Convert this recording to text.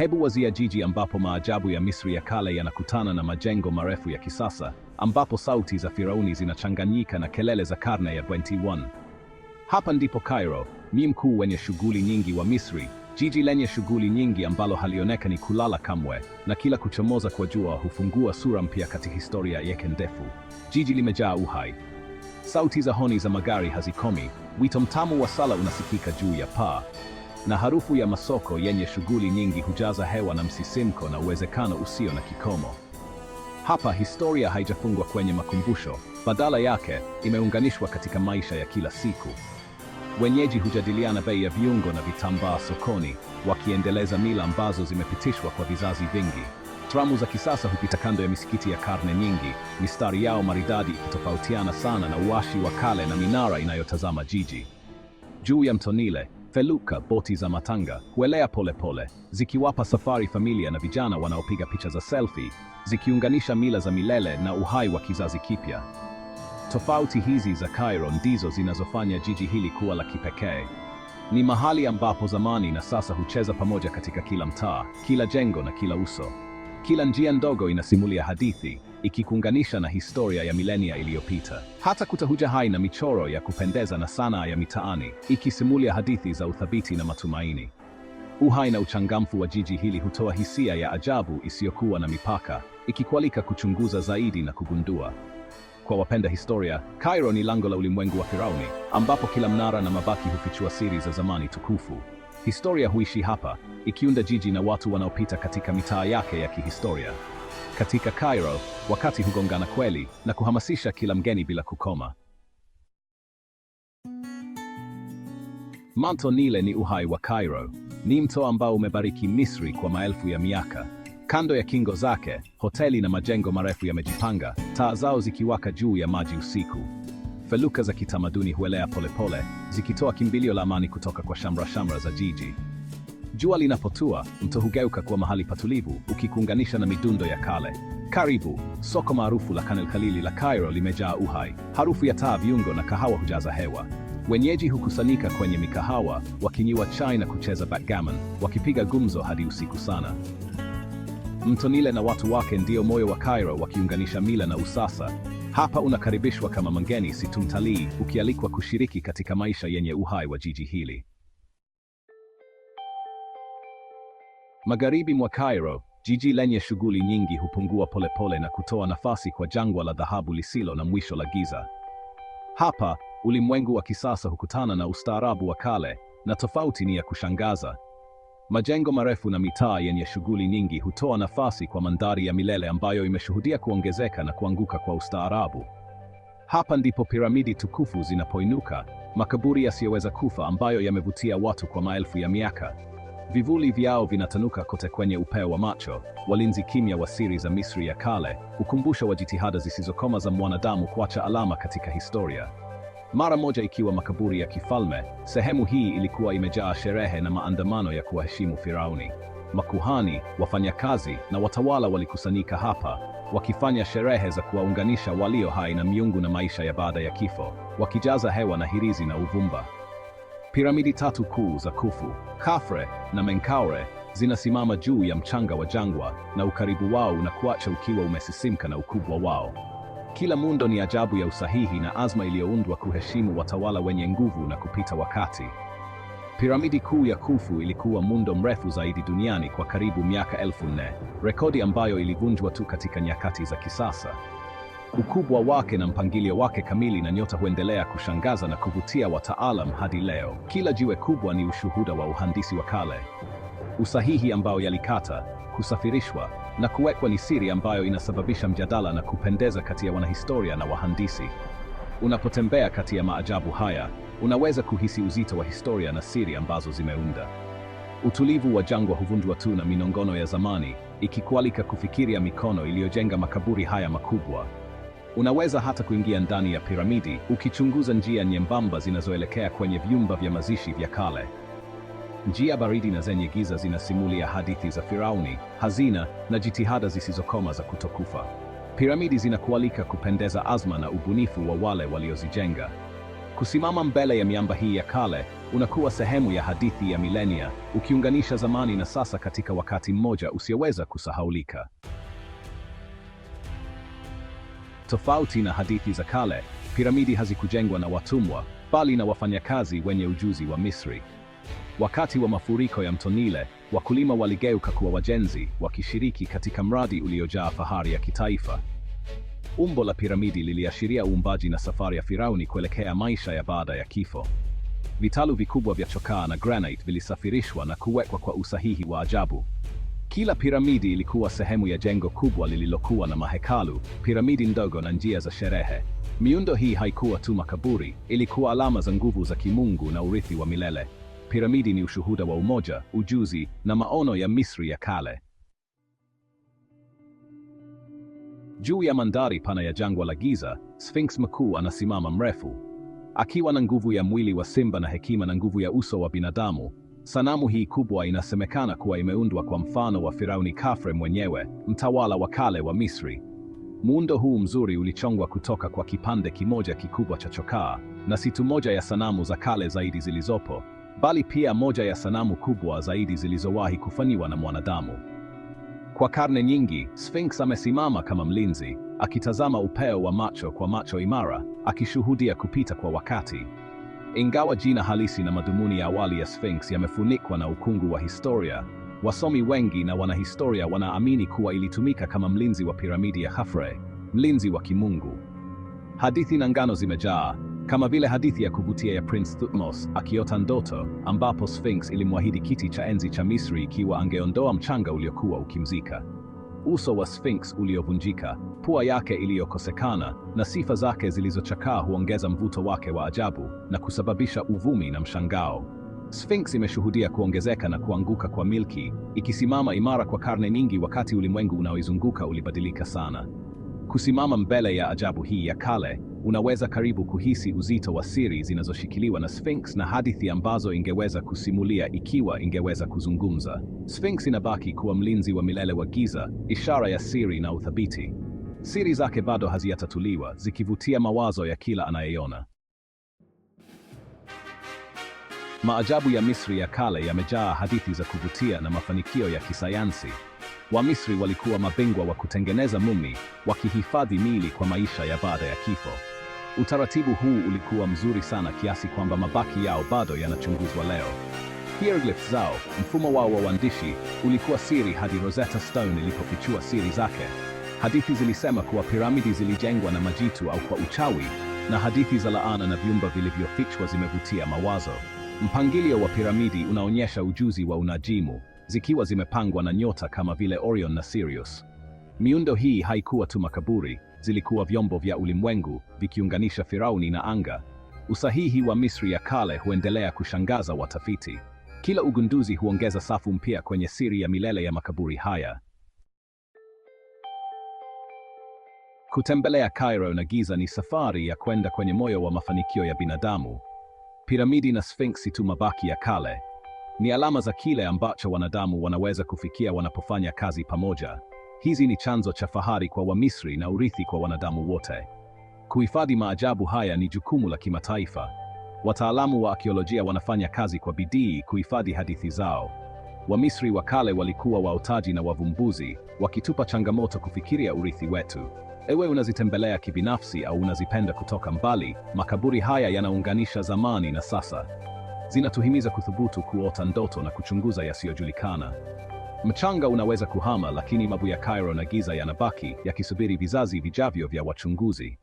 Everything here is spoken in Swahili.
Hebu wazia jiji ambapo maajabu ya Misri ya kale yanakutana na majengo marefu ya kisasa, ambapo sauti za Firauni zinachanganyika na kelele za karne ya 21. Hapa ndipo Cairo, mji mkuu wenye shughuli nyingi wa Misri, jiji lenye shughuli nyingi ambalo halionekani kulala kamwe, na kila kuchomoza kwa jua hufungua sura mpya katika historia yake ndefu. Jiji limejaa uhai. Sauti za honi za magari hazikomi, wito mtamu wa sala unasikika juu ya paa na harufu ya masoko yenye shughuli nyingi hujaza hewa na msisimko na uwezekano usio na kikomo. Hapa historia haijafungwa kwenye makumbusho, badala yake imeunganishwa katika maisha ya kila siku. Wenyeji hujadiliana bei ya viungo na vitambaa sokoni, wakiendeleza mila ambazo zimepitishwa kwa vizazi vingi. Tramu za kisasa hupita kando ya misikiti ya karne nyingi, mistari yao maridadi ikitofautiana sana na uashi wa kale na minara inayotazama jiji. Juu ya mto Nile Feluka, boti za matanga, huelea polepole pole, zikiwapa safari familia na vijana wanaopiga picha za selfie, zikiunganisha mila za milele na uhai wa kizazi kipya. Tofauti hizi za Cairo ndizo zinazofanya jiji hili kuwa la kipekee. Ni mahali ambapo zamani na sasa hucheza pamoja katika kila mtaa, kila jengo na kila uso. Kila njia ndogo inasimulia hadithi ikikuunganisha na historia ya milenia iliyopita. Hata Kuta huja hai na michoro ya kupendeza na sanaa ya mitaani ikisimulia hadithi za uthabiti na matumaini. Uhai na uchangamfu wa jiji hili hutoa hisia ya ajabu isiyokuwa na mipaka, ikikualika kuchunguza zaidi na kugundua. Kwa wapenda historia, Cairo ni lango la ulimwengu wa Firauni, ambapo kila mnara na mabaki hufichua siri za zamani tukufu. Historia huishi hapa, ikiunda jiji na watu wanaopita katika mitaa yake ya kihistoria. Katika Cairo, wakati hugongana kweli na kuhamasisha kila mgeni bila kukoma. Mto Nile ni uhai wa Cairo. Ni mto ambao umebariki Misri kwa maelfu ya miaka. Kando ya kingo zake, hoteli na majengo marefu yamejipanga, taa zao zikiwaka juu ya maji usiku. Feluka za kitamaduni huelea polepole, zikitoa kimbilio la amani kutoka kwa shamra shamra za jiji. Jua linapotua, mto hugeuka kuwa mahali patulivu, ukikuunganisha na midundo ya kale. Karibu, soko maarufu la Kanel Khalili la Cairo limejaa uhai. Harufu ya taa, viungo na kahawa hujaza hewa. Wenyeji hukusanyika kwenye mikahawa, wakinywa chai na kucheza backgammon, wakipiga gumzo hadi usiku sana. Mto Nile na watu wake ndio moyo wa Cairo, wakiunganisha mila na usasa. Hapa unakaribishwa kama mgeni, si tu mtalii, ukialikwa kushiriki katika maisha yenye uhai wa jiji hili. Magharibi mwa Cairo, jiji lenye shughuli nyingi hupungua polepole na kutoa nafasi kwa jangwa la dhahabu lisilo na mwisho la giza. Hapa, ulimwengu wa kisasa hukutana na ustaarabu wa kale, na tofauti ni ya kushangaza. Majengo marefu na mitaa yenye shughuli nyingi hutoa nafasi kwa mandhari ya milele ambayo imeshuhudia kuongezeka na kuanguka kwa ustaarabu. Hapa ndipo piramidi tukufu zinapoinuka, makaburi yasiyoweza kufa ambayo yamevutia watu kwa maelfu ya miaka. Vivuli vyao vinatanuka kote kwenye upeo wa macho, walinzi kimya wa siri za Misri ya kale, ukumbusho wa jitihada zisizokoma za mwanadamu kuacha alama katika historia. Mara moja ikiwa makaburi ya kifalme, sehemu hii ilikuwa imejaa sherehe na maandamano ya kuwaheshimu Firauni. Makuhani, wafanyakazi na watawala walikusanyika hapa, wakifanya sherehe za kuwaunganisha walio hai na miungu na maisha ya baada ya kifo, wakijaza hewa na hirizi na uvumba. Piramidi tatu kuu za Khufu, Khafre na Menkaure zinasimama juu ya mchanga wa jangwa na ukaribu wao unakuacha ukiwa umesisimka na ukubwa wao. Kila muundo ni ajabu ya usahihi na azma iliyoundwa kuheshimu watawala wenye nguvu na kupita wakati. Piramidi kuu ya Khufu ilikuwa muundo mrefu zaidi duniani kwa karibu miaka elfu nne, rekodi ambayo ilivunjwa tu katika nyakati za kisasa. Ukubwa wake na mpangilio wake kamili na nyota huendelea kushangaza na kuvutia wataalam hadi leo. Kila jiwe kubwa ni ushuhuda wa uhandisi wa kale. Usahihi ambao yalikata, kusafirishwa na kuwekwa ni siri ambayo inasababisha mjadala na kupendeza kati ya wanahistoria na wahandisi. Unapotembea kati ya maajabu haya, unaweza kuhisi uzito wa historia na siri ambazo zimeunda. Utulivu wa jangwa huvundwa tu na minongono ya zamani, ikikualika kufikiria mikono iliyojenga makaburi haya makubwa. Unaweza hata kuingia ndani ya piramidi ukichunguza njia nyembamba zinazoelekea kwenye vyumba vya mazishi vya kale. Njia baridi na zenye giza zinasimulia hadithi za Firauni, hazina na jitihada zisizokoma za kutokufa. Piramidi zinakualika kupendeza azma na ubunifu wa wale waliozijenga. Kusimama mbele ya miamba hii ya kale, unakuwa sehemu ya hadithi ya milenia, ukiunganisha zamani na sasa katika wakati mmoja usioweza kusahaulika. Tofauti na hadithi za kale, piramidi hazikujengwa na watumwa, bali na wafanyakazi wenye ujuzi wa Misri. Wakati wa mafuriko ya Mto Nile, wakulima waligeuka kuwa wajenzi, wakishiriki katika mradi uliojaa fahari ya kitaifa. Umbo la piramidi liliashiria uumbaji na safari ya Firauni kuelekea maisha ya baada ya kifo. Vitalu vikubwa vya chokaa na granite vilisafirishwa na kuwekwa kwa usahihi wa ajabu. Kila piramidi ilikuwa sehemu ya jengo kubwa lililokuwa na mahekalu, piramidi ndogo na njia za sherehe. Miundo hii haikuwa tu makaburi, ilikuwa alama za nguvu za kimungu na urithi wa milele. Piramidi ni ushuhuda wa umoja, ujuzi na maono ya Misri ya kale. Juu ya mandhari pana ya jangwa la Giza, Sphinx mkuu anasimama mrefu, akiwa na nguvu ya mwili wa simba na hekima na nguvu ya uso wa binadamu. Sanamu hii kubwa inasemekana kuwa imeundwa kwa mfano wa Firauni Khafre mwenyewe, mtawala wa kale wa Misri. Muundo huu mzuri ulichongwa kutoka kwa kipande kimoja kikubwa cha chokaa, na si tu moja ya sanamu za kale zaidi zilizopo, bali pia moja ya sanamu kubwa zaidi zilizowahi kufanyiwa na mwanadamu. Kwa karne nyingi, Sphinx amesimama kama mlinzi, akitazama upeo wa macho kwa macho imara, akishuhudia kupita kwa wakati. Ingawa jina halisi na madhumuni ya awali ya Sphinx yamefunikwa na ukungu wa historia, wasomi wengi na wanahistoria wanaamini kuwa ilitumika kama mlinzi wa piramidi ya Khafre, mlinzi wa kimungu. Hadithi na ngano zimejaa, kama vile hadithi ya kuvutia ya Prince Thutmose akiota ndoto ambapo Sphinx ilimwahidi kiti cha enzi cha Misri ikiwa angeondoa mchanga uliokuwa ukimzika uso wa Sphinx uliovunjika, pua yake iliyokosekana na sifa zake zilizochakaa huongeza mvuto wake wa ajabu na kusababisha uvumi na mshangao. Sphinx imeshuhudia kuongezeka na kuanguka kwa milki, ikisimama imara kwa karne nyingi, wakati ulimwengu unaoizunguka ulibadilika sana. Kusimama mbele ya ajabu hii ya kale Unaweza karibu kuhisi uzito wa siri zinazoshikiliwa na Sphinx na hadithi ambazo ingeweza kusimulia ikiwa ingeweza kuzungumza. Sphinx inabaki kuwa mlinzi wa milele wa giza, ishara ya siri na uthabiti. Siri zake bado hazijatatuliwa, zikivutia mawazo ya kila anayeona. Maajabu ya Misri ya kale yamejaa hadithi za kuvutia na mafanikio ya kisayansi. Wamisri walikuwa mabingwa wa kutengeneza mumi, wakihifadhi miili kwa maisha ya baada ya kifo. Utaratibu huu ulikuwa mzuri sana kiasi kwamba mabaki yao bado yanachunguzwa leo. Hieroglyphs zao, mfumo wao wa uandishi, ulikuwa siri hadi Rosetta Stone ilipofichua siri zake. Hadithi zilisema kuwa piramidi zilijengwa na majitu au kwa uchawi, na hadithi za laana na vyumba vilivyofichwa zimevutia mawazo. Mpangilio wa piramidi unaonyesha ujuzi wa unajimu, zikiwa zimepangwa na nyota kama vile Orion na Sirius. Miundo hii haikuwa tu makaburi zilikuwa vyombo vya ulimwengu vikiunganisha Firauni na anga. Usahihi wa Misri ya kale huendelea kushangaza watafiti. Kila ugunduzi huongeza safu mpya kwenye siri ya milele ya makaburi haya. Kutembelea Cairo na Giza ni safari ya kwenda kwenye moyo wa mafanikio ya binadamu. Piramidi na Sphinx si tu mabaki ya kale, ni alama za kile ambacho wanadamu wanaweza kufikia wanapofanya kazi pamoja. Hizi ni chanzo cha fahari kwa Wamisri na urithi kwa wanadamu wote. Kuhifadhi maajabu haya ni jukumu la kimataifa. Wataalamu wa akiolojia wanafanya kazi kwa bidii kuhifadhi hadithi zao. Wamisri wa kale walikuwa waotaji na wavumbuzi, wakitupa changamoto kufikiria urithi wetu. Ewe unazitembelea kibinafsi au unazipenda kutoka mbali, makaburi haya yanaunganisha zamani na sasa. Zinatuhimiza kuthubutu kuota ndoto na kuchunguza yasiyojulikana. Mchanga unaweza kuhama, lakini mabu ya Cairo na Giza yanabaki yakisubiri vizazi vijavyo vya wachunguzi.